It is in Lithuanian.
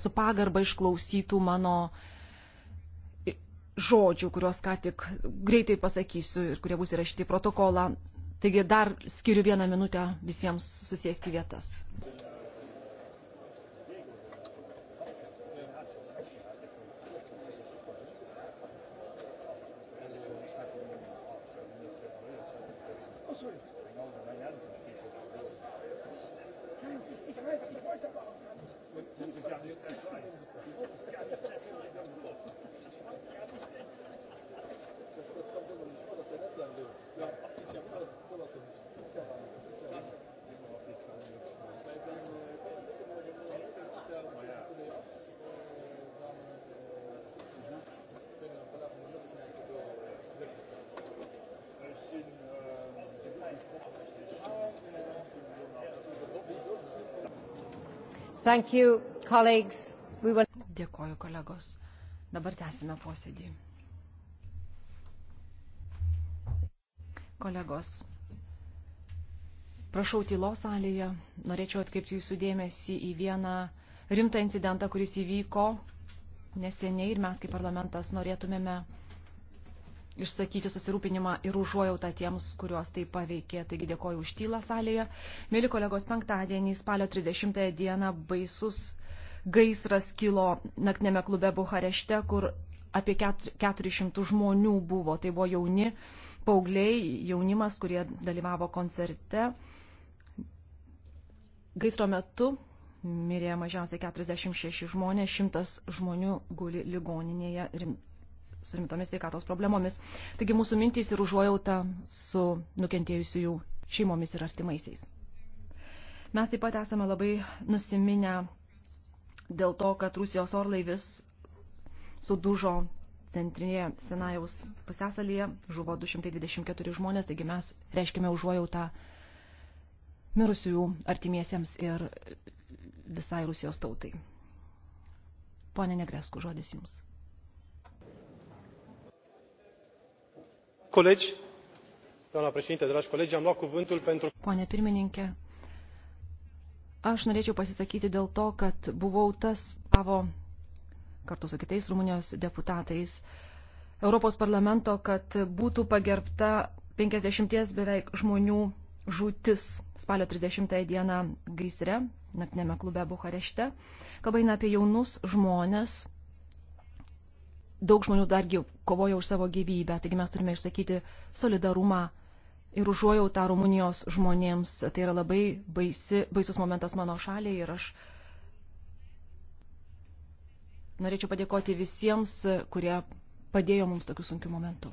su pagarba išklausytų mano žodžių, kuriuos ką tik greitai pasakysiu ir kurie bus įrašyti protokolą. Taigi dar skiriu vieną minutę visiems susėsti vietas. Dėkoju kolegos. Dabar tęsime posėdį. Kolegos, prašau tylos salėje, norėčiau atkreipti jūsų dėmesį į vieną rimtą incidentą, kuris įvyko neseniai ir mes kaip parlamentas norėtumėme išsakyti susirūpinimą ir užuojautą tiems, kuriuos tai paveikė. Taigi dėkoju už tylą salėje. Mėly kolegos, penktadienį, spalio 30 dieną baisus gaisras kilo naktinėme klube Buharešte, kur apie 400 žmonių buvo. Tai buvo jauni paaugliai, jaunimas, kurie dalyvavo koncerte. Gaisro metu mirė mažiausiai 46 žmonės, 100 žmonių guli ligoninėje rim, su rimtomis sveikatos problemomis. Taigi mūsų mintys ir užuojauta su nukentėjusiųjų šeimomis ir artimaisiais. Mes taip pat esame labai nusiminę dėl to, kad Rusijos orlaivis sudužo centrinėje Sinajaus pusėsalyje, žuvo 224 žmonės, taigi mes reiškime užuojautą mirusiųjų artimiesiems ir visai Rusijos tautai. Pone Negresku, žodis Jums. Colegi, doamna președinte, dragi colegi, am luat cuvântul pentru... Pone pirmininkė, aš norėčiau pasisakyti dėl to, kad buvau tas savo kartu su kitais Rumunijos deputatais Europos parlamento, kad būtų pagerbta 50 beveik žmonių žūtis spalio 30 dieną gaisre, naktinėme klube Bukarešte. Kalba eina apie jaunus žmonės. Daug žmonių dargi kovoja už savo gyvybę, taigi mes turime išsakyti solidarumą ir užuojautą Rumunijos žmonėms. Tai yra labai baisi, baisus momentas mano šaliai ir aš norėčiau padėkoti visiems, kurie padėjo mums tokiu sunkiu momentu.